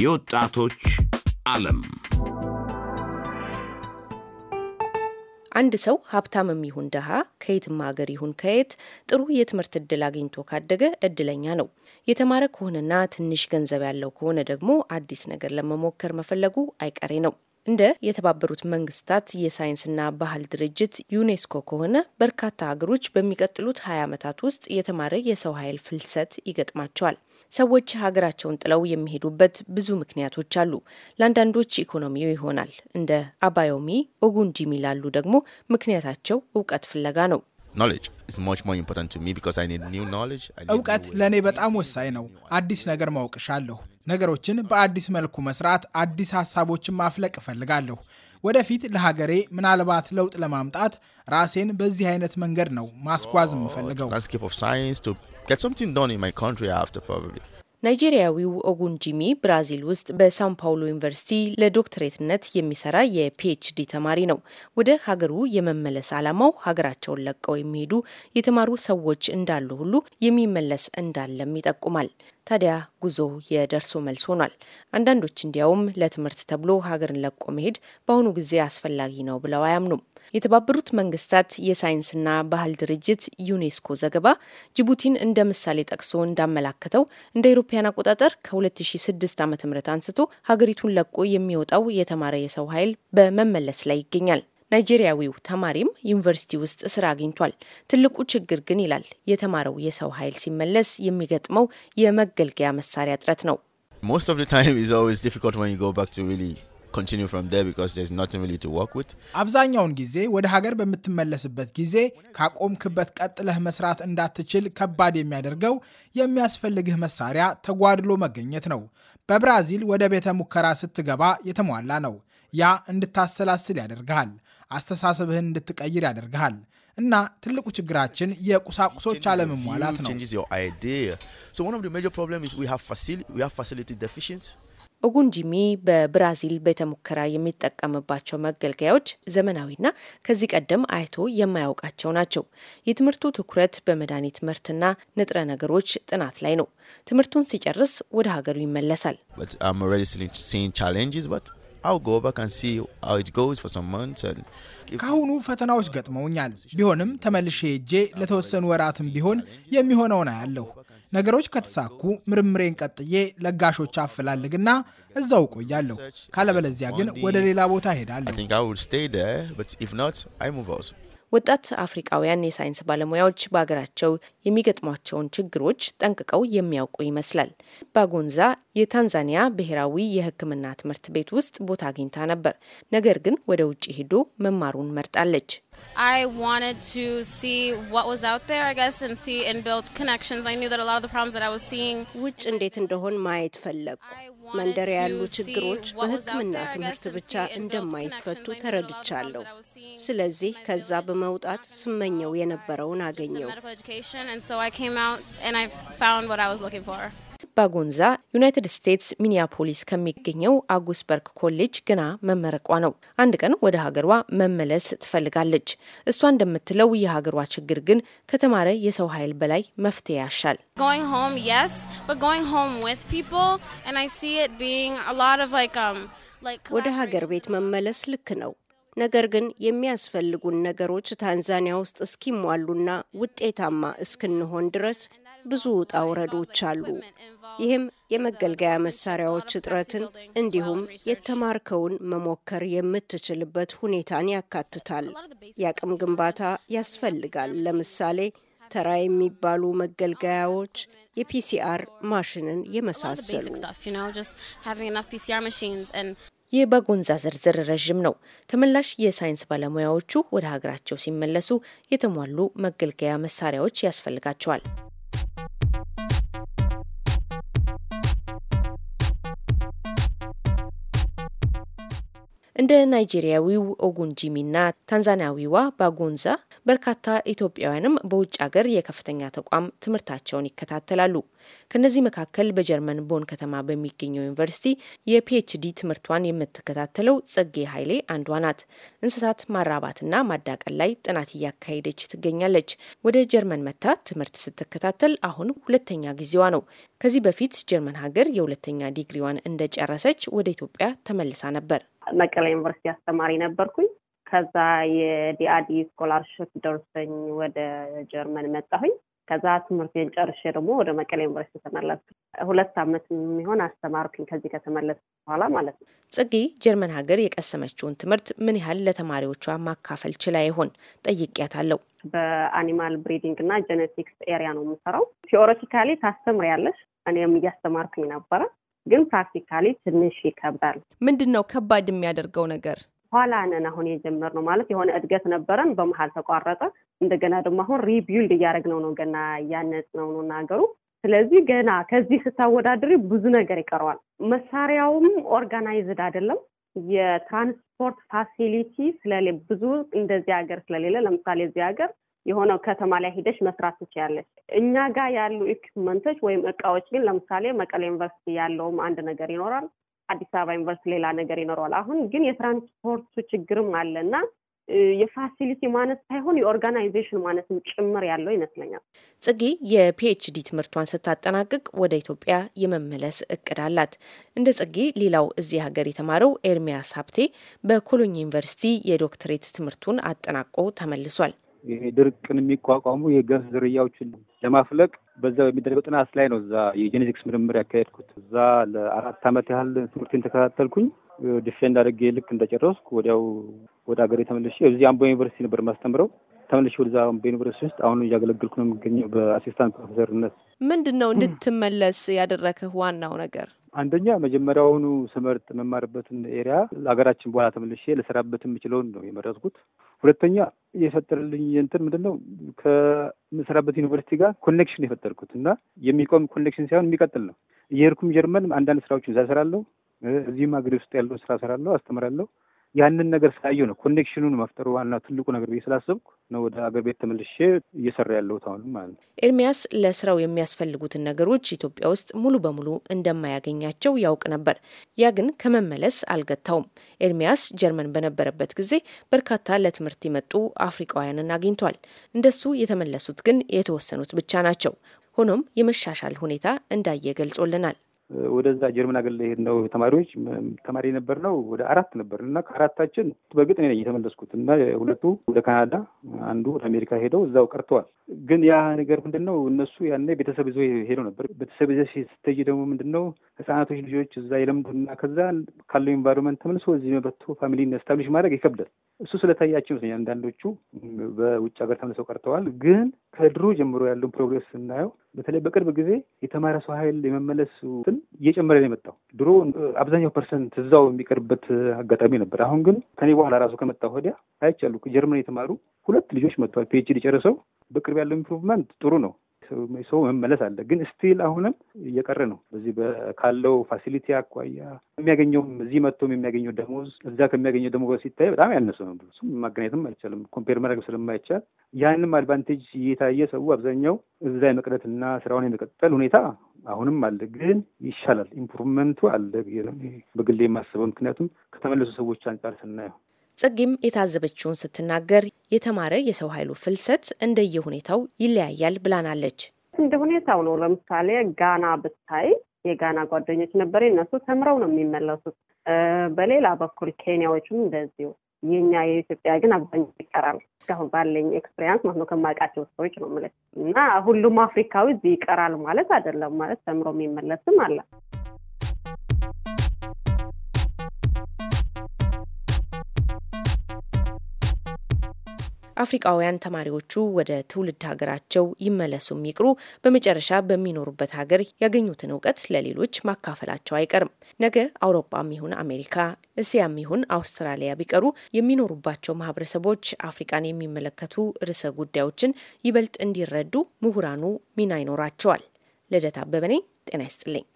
የወጣቶች ዓለም አንድ ሰው ሀብታምም ይሁን ድሃ ከየትም ሀገር ይሁን ከየት ጥሩ የትምህርት እድል አግኝቶ ካደገ እድለኛ ነው። የተማረ ከሆነና ትንሽ ገንዘብ ያለው ከሆነ ደግሞ አዲስ ነገር ለመሞከር መፈለጉ አይቀሬ ነው። እንደ የተባበሩት መንግስታት የሳይንስና ባህል ድርጅት ዩኔስኮ ከሆነ በርካታ ሀገሮች በሚቀጥሉት 20 ዓመታት ውስጥ የተማረ የሰው ኃይል ፍልሰት ይገጥማቸዋል። ሰዎች ሀገራቸውን ጥለው የሚሄዱበት ብዙ ምክንያቶች አሉ። ለአንዳንዶች ኢኮኖሚው ይሆናል። እንደ አባዮሚ ኦጉንጂሚ ላሉ ደግሞ ምክንያታቸው እውቀት ፍለጋ ነው። እውቀት ለእኔ በጣም ወሳኝ ነው። አዲስ ነገር ማወቅሻለሁ ነገሮችን በአዲስ መልኩ መስራት፣ አዲስ ሀሳቦችን ማፍለቅ እፈልጋለሁ። ወደፊት ለሀገሬ ምናልባት ለውጥ ለማምጣት ራሴን በዚህ አይነት መንገድ ነው ማስጓዝ የምፈልገው። ናይጄሪያዊው ጂሚ ብራዚል ውስጥ በሳን ፓውሎ ዩኒቨርሲቲ ለዶክትሬትነት የሚሰራ የፒኤችዲ ተማሪ ነው። ወደ ሀገሩ የመመለስ ዓላማው ሀገራቸውን ለቀው የሚሄዱ የተማሩ ሰዎች እንዳሉ ሁሉ የሚመለስ እንዳለም ይጠቁማል። ታዲያ ጉዞ የደርሶ መልስ ሆኗል። አንዳንዶች እንዲያውም ለትምህርት ተብሎ ሀገርን ለቆ መሄድ በአሁኑ ጊዜ አስፈላጊ ነው ብለው አያምኑም። የተባበሩት መንግስታት የሳይንስና ባህል ድርጅት ዩኔስኮ ዘገባ ጅቡቲን እንደ ምሳሌ ጠቅሶ እንዳመላከተው እንደ አውሮፓውያን አቆጣጠር ከ2006 ም አንስቶ ሀገሪቱን ለቆ የሚወጣው የተማረ የሰው ኃይል በመመለስ ላይ ይገኛል። ናይጄሪያዊው ተማሪም ዩኒቨርሲቲ ውስጥ ስራ አግኝቷል። ትልቁ ችግር ግን ይላል የተማረው የሰው ኃይል ሲመለስ የሚገጥመው የመገልገያ መሳሪያ እጥረት ነው። አብዛኛውን ጊዜ ወደ ሀገር በምትመለስበት ጊዜ ካቆምክበት ቀጥለህ መስራት እንዳትችል ከባድ የሚያደርገው የሚያስፈልግህ መሳሪያ ተጓድሎ መገኘት ነው። በብራዚል ወደ ቤተ ሙከራ ስትገባ የተሟላ ነው። ያ እንድታሰላስል ያደርግሃል። አስተሳሰብህን እንድትቀይር ያደርግሃል። እና ትልቁ ችግራችን የቁሳቁሶች አለመሟላት ነው። ኦጉንጂሚ በብራዚል ቤተ ሙከራ የሚጠቀምባቸው መገልገያዎች ዘመናዊና ከዚህ ቀደም አይቶ የማያውቃቸው ናቸው። የትምህርቱ ትኩረት በመድኃኒት ምርትና ንጥረ ነገሮች ጥናት ላይ ነው። ትምህርቱን ሲጨርስ ወደ ሀገሩ ይመለሳል። I'll go back and see how it goes for some months and ካሁኑ ፈተናዎች ገጥመውኛል። ቢሆንም ተመልሼ ሄጄ ለተወሰኑ ወራትም ቢሆን የሚሆነውን አያለሁ። ነገሮች ከተሳኩ ምርምሬን ቀጥዬ ለጋሾች አፈላልግና እዛው ቆያለሁ። ካለበለዚያ ግን ወደ ሌላ ቦታ ሄዳለሁ። ወጣት አፍሪቃውያን የሳይንስ ባለሙያዎች በሀገራቸው የሚገጥሟቸውን ችግሮች ጠንቅቀው የሚያውቁ ይመስላል። ባጎንዛ የታንዛኒያ ብሔራዊ የሕክምና ትምህርት ቤት ውስጥ ቦታ አግኝታ ነበር። ነገር ግን ወደ ውጭ ሄዶ መማሩን መርጣለች። ውጭ እንዴት እንደሆን ማየት ፈለግኩ። መንደር ያሉ ችግሮች በሕክምና ትምህርት ብቻ እንደማይፈቱ ተረድቻለሁ። ስለዚህ ከዛ በመውጣት ስመኘው የነበረውን አገኘው። ባጎንዛ ዩናይትድ ስቴትስ ሚኒያፖሊስ ከሚገኘው አጉስበርግ ኮሌጅ ገና መመረቋ ነው። አንድ ቀን ወደ ሀገሯ መመለስ ትፈልጋለች። እሷ እንደምትለው የሀገሯ ችግር ግን ከተማረ የሰው ኃይል በላይ መፍትሄ ያሻል። um, ወደ ሀገር ቤት መመለስ ልክ ነው ነገር ግን የሚያስፈልጉን ነገሮች ታንዛኒያ ውስጥ እስኪሟሉና ውጤታማ እስክንሆን ድረስ ብዙ ውጣ ውረዶች አሉ። ይህም የመገልገያ መሳሪያዎች እጥረትን እንዲሁም የተማርከውን መሞከር የምትችልበት ሁኔታን ያካትታል። የአቅም ግንባታ ያስፈልጋል። ለምሳሌ ተራ የሚባሉ መገልገያዎች፣ የፒሲአር ማሽንን የመሳሰሉ ይህ በጎንዛ ዝርዝር ረዥም ነው። ተመላሽ የሳይንስ ባለሙያዎቹ ወደ ሀገራቸው ሲመለሱ የተሟሉ መገልገያ መሳሪያዎች ያስፈልጋቸዋል። እንደ ናይጄሪያዊው ኦጉንጂሚና ታንዛኒያዊዋ ባጎንዛ በርካታ ኢትዮጵያውያንም በውጭ ሀገር የከፍተኛ ተቋም ትምህርታቸውን ይከታተላሉ። ከነዚህ መካከል በጀርመን ቦን ከተማ በሚገኘው ዩኒቨርሲቲ የፒኤችዲ ትምህርቷን የምትከታተለው ጸጌ ኃይሌ አንዷ ናት። እንስሳት ማራባትና ማዳቀል ላይ ጥናት እያካሄደች ትገኛለች። ወደ ጀርመን መታ ትምህርት ስትከታተል አሁን ሁለተኛ ጊዜዋ ነው። ከዚህ በፊት ጀርመን ሀገር የሁለተኛ ዲግሪዋን እንደጨረሰች ወደ ኢትዮጵያ ተመልሳ ነበር። መቀሌ ዩኒቨርሲቲ አስተማሪ ነበርኩኝ። ከዛ የዲአዲ ስኮላርሽፕ ደርሰኝ ወደ ጀርመን መጣሁኝ። ከዛ ትምህርቴን ጨርሼ ደግሞ ወደ መቀሌ ዩኒቨርሲቲ ተመለስኩ። ሁለት ዓመት የሚሆን አስተማርኩኝ ከዚህ ከተመለስ በኋላ ማለት ነው። ጽጌ ጀርመን ሀገር የቀሰመችውን ትምህርት ምን ያህል ለተማሪዎቿ ማካፈል ችላ ይሆን ጠይቄያታለሁ። በአኒማል ብሪዲንግ እና ጄኔቲክስ ኤሪያ ነው የምሰራው። ቴዎሬቲካሊ ታስተምሪያለሽ፣ እኔም እያስተማርኩኝ ነበረ። ግን ፕራክቲካሊ ትንሽ ይከብዳል። ምንድን ነው ከባድ የሚያደርገው ነገር? ኋላ ነን አሁን የጀመርነው ማለት የሆነ እድገት ነበረን፣ በመሀል ተቋረጠ። እንደገና ደግሞ አሁን ሪቢውልድ እያደረግነው ነው፣ ገና እያነጽነው ነው ሀገሩ። ስለዚህ ገና ከዚህ ስታወዳድሪ ብዙ ነገር ይቀረዋል። መሳሪያውም ኦርጋናይዝድ አይደለም። የትራንስፖርት ፋሲሊቲ ስለሌ ብዙ እንደዚህ ሀገር ስለሌለ ለምሳሌ እዚህ ሀገር የሆነው ከተማ ላይ ሂደሽ መስራት ትችያለሽ። እኛ ጋር ያሉ ኢኩፕመንቶች ወይም እቃዎች ግን ለምሳሌ መቀሌ ዩኒቨርሲቲ ያለውም አንድ ነገር ይኖራል፣ አዲስ አበባ ዩኒቨርሲቲ ሌላ ነገር ይኖረዋል። አሁን ግን የትራንስፖርቱ ችግርም አለ እና የፋሲሊቲ ማነት ሳይሆን የኦርጋናይዜሽን ማነትም ጭምር ያለው ይመስለኛል። ጽጌ የፒኤችዲ ትምህርቷን ስታጠናቅቅ ወደ ኢትዮጵያ የመመለስ እቅድ አላት። እንደ ጽጌ ሌላው እዚህ ሀገር የተማረው ኤርሚያስ ሀብቴ በኮሎኝ ዩኒቨርሲቲ የዶክትሬት ትምህርቱን አጠናቆ ተመልሷል። ድርቅን የሚቋቋሙ የገብስ ዝርያዎችን ለማፍለቅ በዛ በሚደረገው ጥናት ላይ ነው እዛ የጄኔቲክስ ምርምር ያካሄድኩት። እዛ ለአራት ዓመት ያህል ትምህርቴን ተከታተልኩኝ። ዲፌንድ አድርጌ ልክ እንደጨረስኩ ወዲያው ወደ ሀገሬ ተመልሼ እዚህ አምቦ ዩኒቨርሲቲ ነበር የማስተምረው። ተመልሼ ወደዛ አምቦ ዩኒቨርሲቲ ውስጥ አሁን እያገለግልኩ ነው የሚገኘው በአሲስታንት ፕሮፌሰርነት። ምንድን ነው እንድትመለስ ያደረግህ ዋናው ነገር? አንደኛ መጀመሪያውኑ ስመርጥ መማርበትን ኤሪያ ለሀገራችን በኋላ ተመልሼ ልሰራበት የምችለውን ነው የመረጥኩት። ሁለተኛ የፈጠረልኝ እንትን ምንድን ነው ከምሰራበት ዩኒቨርሲቲ ጋር ኮኔክሽን የፈጠርኩት እና የሚቆም ኮኔክሽን ሳይሆን የሚቀጥል ነው። እየሄድኩም ጀርመን አንዳንድ ስራዎችን እዛ እሰራለሁ። እዚህም ሀገር ውስጥ ያለው ስራ እሰራለሁ፣ አስተምራለሁ። ያንን ነገር ስላየሁ ነው ኮኔክሽኑን መፍጠሩ ዋና ትልቁ ነገር ብዬ ስላሰብኩ ነው ወደ አገር ቤት ተመልሼ እየሰራ ያለሁት አሁንም ማለት ነው። ኤርሚያስ ለስራው የሚያስፈልጉትን ነገሮች ኢትዮጵያ ውስጥ ሙሉ በሙሉ እንደማያገኛቸው ያውቅ ነበር። ያ ግን ከመመለስ አልገታውም። ኤርሚያስ ጀርመን በነበረበት ጊዜ በርካታ ለትምህርት የመጡ አፍሪቃውያንን አግኝቷል። እንደሱ የተመለሱት ግን የተወሰኑት ብቻ ናቸው። ሆኖም የመሻሻል ሁኔታ እንዳየ ገልጾልናል። ወደዛ ጀርመን አገር ላይ ሄድነው ተማሪዎች ተማሪ ነበር ነው ወደ አራት ነበር እና ከአራታችን በግጥ ነኝ የተመለስኩት እና ሁለቱ ወደ ካናዳ፣ አንዱ ወደ አሜሪካ ሄደው እዛው ቀርተዋል። ግን ያ ነገር ምንድን ነው እነሱ ያኔ ቤተሰብ ይዞ ሄደው ነበር። ቤተሰብ ይዘ ስትሄጂ ደግሞ ምንድን ነው ህጻናቶች ልጆች እዛ የለምዱ እና ከዛ ካለው ኢንቫይሮንመንት ተመልሶ እዚህ መበቶ ፋሚሊ ስታብሊሽ ማድረግ ይከብዳል። እሱ ስለታያቸው ይመስለኛል አንዳንዶቹ በውጭ ሀገር ተመልሰው ቀርተዋል። ግን ከድሮ ጀምሮ ያለውን ፕሮግሬስ ስናየው በተለይ በቅርብ ጊዜ የተማረ ሰው ኃይል የመመለስ እንትን እየጨመረ ነው የመጣው። ድሮ አብዛኛው ፐርሰንት እዛው የሚቀርብበት አጋጣሚ ነበር። አሁን ግን ከኔ በኋላ ራሱ ከመጣ ወዲያ አይቻሉ ጀርመን የተማሩ ሁለት ልጆች መጥተዋል። ፒኤችዲ ጨርሰው በቅርብ ያለው ኢምፕሩቭመንት ጥሩ ነው። ሰው መመለስ አለ፣ ግን ስቲል አሁንም እየቀረ ነው። በዚህ ካለው ፋሲሊቲ አኳያ የሚያገኘውም እዚህ መጥቶም የሚያገኘው ደሞዝ እዛ ከሚያገኘው ደሞዝ ሲታይ በጣም ያነሰ ነው። እሱም ማገናኘትም አይቻልም፣ ኮምፔር ማድረግ ስለማይቻል ያንም አድቫንቴጅ እየታየ ሰው አብዛኛው እዛ የመቅረትና ስራውን የመቀጠል ሁኔታ አሁንም አለ፣ ግን ይሻላል። ኢምፕሩቭመንቱ አለ ብዬ ነው በግሌ የማስበው። ምክንያቱም ከተመለሱ ሰዎች አንጻር ስናየው ጽጌም የታዘበችውን ስትናገር የተማረ የሰው ኃይሉ ፍልሰት እንደየሁኔታው ይለያያል ብላናለች። እንደ ሁኔታው ነው። ለምሳሌ ጋና ብታይ የጋና ጓደኞች ነበር፣ እነሱ ተምረው ነው የሚመለሱት። በሌላ በኩል ኬንያዎቹም እንደዚሁ የኛ የኢትዮጵያ ግን አብዛኛው ይቀራ ነው። እስካሁን ባለኝ ኤክስፔሪንስ ማለት ነው ከማውቃቸው ሰዎች ነው የምልህ እና ሁሉም አፍሪካዊ እዚህ ይቀራል ማለት አይደለም። ማለት ተምሮ የሚመለስም አለ። አፍሪቃውያን ተማሪዎቹ ወደ ትውልድ ሀገራቸው ይመለሱም ይቅሩ በመጨረሻ በሚኖሩበት ሀገር ያገኙትን እውቀት ለሌሎች ማካፈላቸው አይቀርም። ነገ አውሮፓም ይሁን አሜሪካ፣ እስያም ይሁን አውስትራሊያ ቢቀሩ የሚኖሩባቸው ማህበረሰቦች አፍሪቃን የሚመለከቱ ርዕሰ ጉዳዮችን ይበልጥ እንዲረዱ ምሁራኑ ሚና ይኖራቸዋል። ልደት አበበ ነኝ። ጤና ይስጥልኝ።